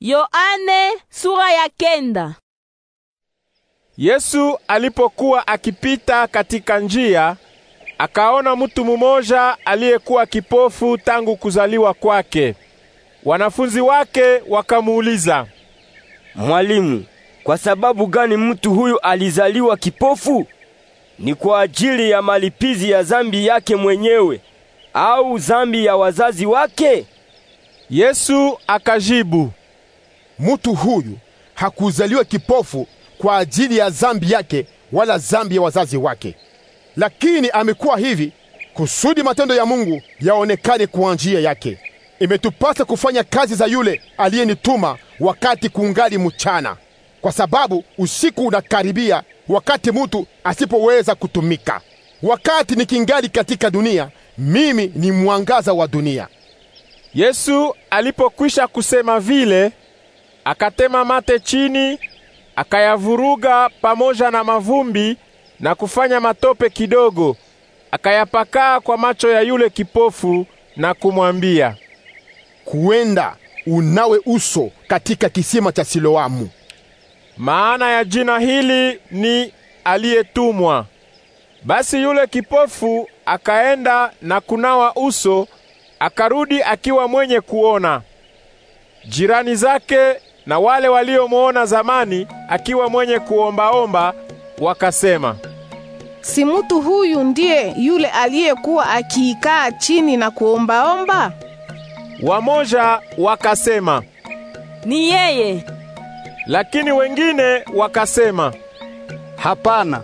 Yoane sura ya kenda. Yesu alipokuwa akipita katika njia, akaona mtu mmoja aliyekuwa kipofu tangu kuzaliwa kwake. Wanafunzi wake wakamuuliza, Mwalimu, kwa sababu gani mtu huyu alizaliwa kipofu? Ni kwa ajili ya malipizi ya zambi yake mwenyewe au zambi ya wazazi wake? Yesu akajibu, Mtu huyu hakuzaliwa kipofu kwa ajili ya zambi yake wala zambi ya wazazi wake, lakini amekuwa hivi kusudi matendo ya Mungu yaonekane kwa njia yake. Imetupasa kufanya kazi za yule aliyenituma wakati kungali mchana, kwa sababu usiku unakaribia, wakati mtu asipoweza kutumika. Wakati nikingali katika dunia, mimi ni mwangaza wa dunia. Yesu alipokwisha kusema vile akatema mate chini, akayavuruga pamoja na mavumbi na kufanya matope kidogo, akayapakaa kwa macho ya yule kipofu na kumwambia, kuenda unawe uso katika kisima cha Siloamu. Maana ya jina hili ni aliyetumwa. Basi yule kipofu akaenda na kunawa uso, akarudi akiwa mwenye kuona. Jirani zake na wale waliomwona zamani akiwa mwenye kuombaomba wakasema, si mutu huyu ndiye yule aliyekuwa akiikaa chini na kuombaomba? Wamoja wakasema ni yeye, lakini wengine wakasema hapana,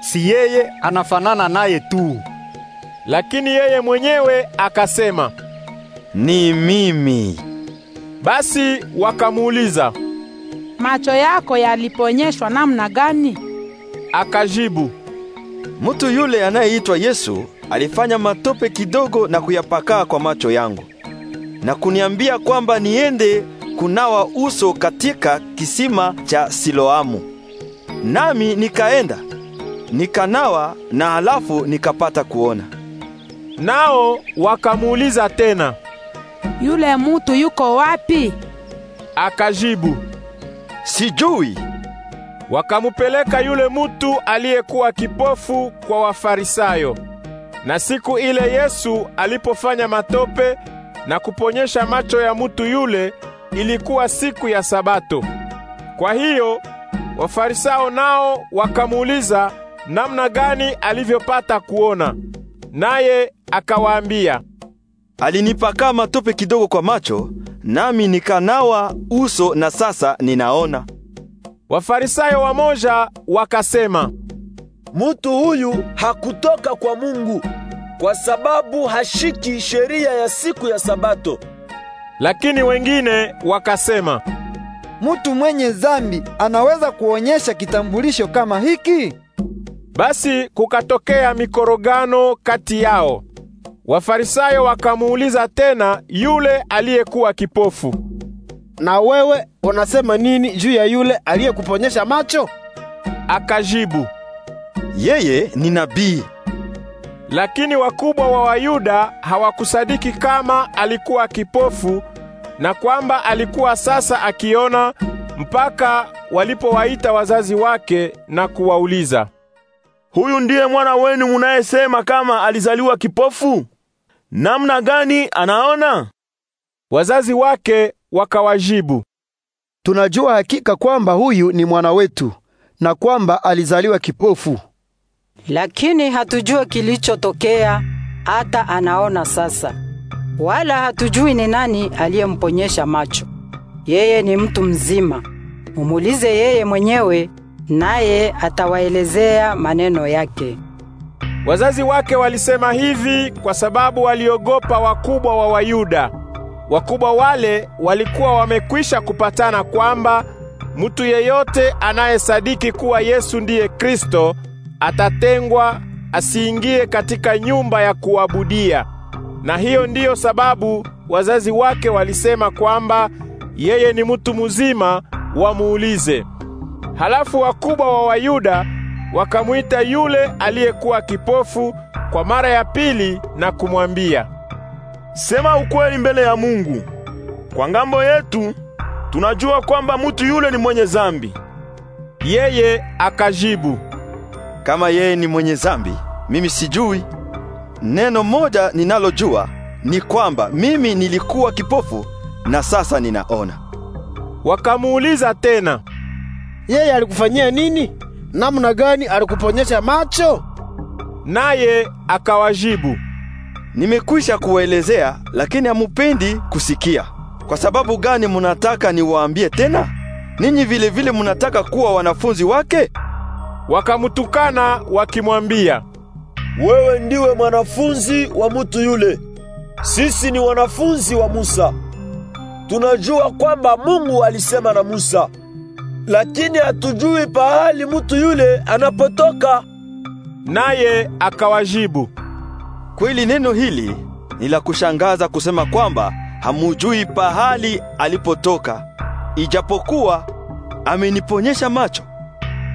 si yeye, anafanana naye tu. Lakini yeye mwenyewe akasema ni mimi. Basi wakamuuliza, macho yako yaliponyeshwa namna gani? Akajibu, mtu yule anayeitwa Yesu alifanya matope kidogo na kuyapakaa kwa macho yangu na kuniambia kwamba niende kunawa uso katika kisima cha Siloamu. Nami nikaenda nikanawa, na halafu nikapata kuona. Nao wakamuuliza tena, yule mutu yuko wapi? Akajibu, sijui. Wakamupeleka yule mutu aliyekuwa kipofu kwa Wafarisayo. Na siku ile Yesu alipofanya matope na kuponyesha macho ya mutu yule, ilikuwa siku ya Sabato. Kwa hiyo Wafarisayo nao wakamuuliza namna gani alivyopata kuona, naye akawaambia Alinipaka matope kidogo kwa macho, nami nikanawa uso na sasa ninaona. Wafarisayo wamoja wakasema, mtu huyu hakutoka kwa Mungu kwa sababu hashiki sheria ya siku ya Sabato. Lakini wengine wakasema, mtu mwenye zambi anaweza kuonyesha kitambulisho kama hiki? Basi kukatokea mikorogano kati yao. Wafarisayo wakamuuliza tena yule aliyekuwa kipofu, na wewe unasema nini juu ya yule aliyekuponyesha macho? Akajibu, yeye ni nabii. Lakini wakubwa wa Wayuda hawakusadiki kama alikuwa kipofu na kwamba alikuwa sasa akiona, mpaka walipowaita wazazi wake na kuwauliza, huyu ndiye mwana wenu munayesema kama alizaliwa kipofu? namna gani anaona? Wazazi wake wakawajibu, tunajua hakika kwamba huyu ni mwana wetu na kwamba alizaliwa kipofu, lakini hatujua kilichotokea hata anaona sasa, wala hatujui ni nani aliyemponyesha macho. Yeye ni mtu mzima, mumulize yeye mwenyewe, naye atawaelezea maneno yake. Wazazi wake walisema hivi kwa sababu waliogopa wakubwa wa Wayuda. Wakubwa wale walikuwa wamekwisha kupatana kwamba mtu yeyote anayesadiki kuwa Yesu ndiye Kristo atatengwa asiingie katika nyumba ya kuabudia. Na hiyo ndiyo sababu wazazi wake walisema kwamba yeye ni mtu mzima, wamuulize. Halafu wakubwa wa Wayuda wakamwita yule aliyekuwa kipofu kwa mara ya pili na kumwambia, sema ukweli mbele ya Mungu, kwa ngambo yetu tunajua kwamba mutu yule ni mwenye zambi. Yeye akajibu, kama yeye ni mwenye zambi, mimi sijui. Neno moja ninalojua ni kwamba mimi nilikuwa kipofu na sasa ninaona. Wakamuuliza tena, yeye alikufanyia nini? namna gani alikuponyesha macho? Naye akawajibu, nimekwisha kuwaelezea, lakini hamupendi kusikia. Kwa sababu gani munataka niwaambie tena? Ninyi vile vile munataka kuwa wanafunzi wake? Wakamtukana wakimwambia, wewe ndiwe mwanafunzi wa mutu yule, sisi ni wanafunzi wa Musa. Tunajua kwamba Mungu alisema na Musa lakini hatujui pahali mtu yule anapotoka. Naye akawajibu, kweli neno hili ni la kushangaza kusema kwamba hamujui pahali alipotoka. Ijapokuwa ameniponyesha macho,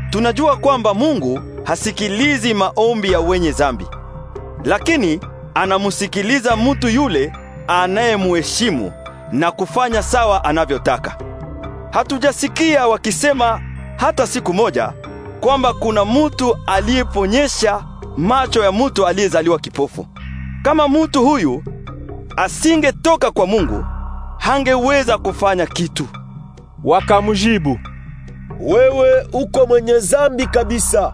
tunajua kwamba Mungu hasikilizi maombi ya wenye zambi, lakini anamusikiliza mtu yule anayemheshimu na kufanya sawa anavyotaka. Hatujasikia wakisema hata siku moja kwamba kuna mtu aliyeponyesha macho ya mtu aliyezaliwa kipofu. Kama mtu huyu asingetoka kwa Mungu, hangeweza kufanya kitu. Wakamjibu, wewe uko mwenye zambi kabisa.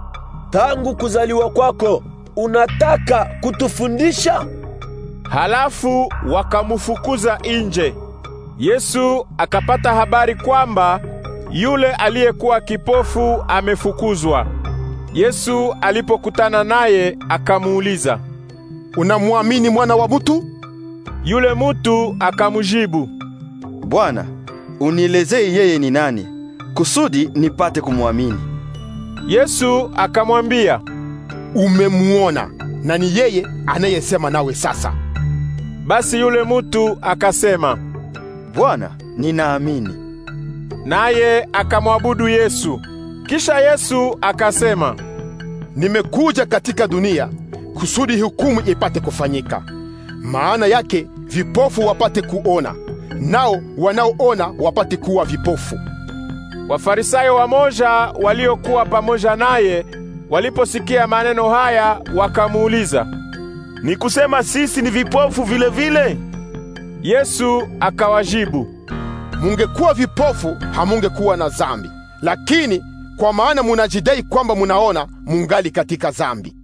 Tangu kuzaliwa kwako unataka kutufundisha? Halafu wakamfukuza nje. Yesu akapata habari kwamba yule aliyekuwa kipofu amefukuzwa. Yesu alipokutana naye akamuuliza, unamwamini mwana wa mutu? Yule mutu akamjibu, Bwana, unielezei yeye ni nani, kusudi nipate kumwamini. Yesu akamwambia, umemuona na ni yeye anayesema nawe sasa. Basi yule mutu akasema Bwana, ninaamini. Naye akamwabudu Yesu. Kisha Yesu akasema, nimekuja katika dunia kusudi hukumu ipate kufanyika, maana yake vipofu wapate kuona, nao wanaoona wapate kuwa vipofu. Wafarisayo wamoja waliokuwa pamoja naye waliposikia maneno haya wakamuuliza, ni kusema sisi ni vipofu vile vile? Yesu akawajibu, mungekuwa vipofu hamungekuwa na zambi, lakini kwa maana munajidai kwamba munaona, mungali katika zambi.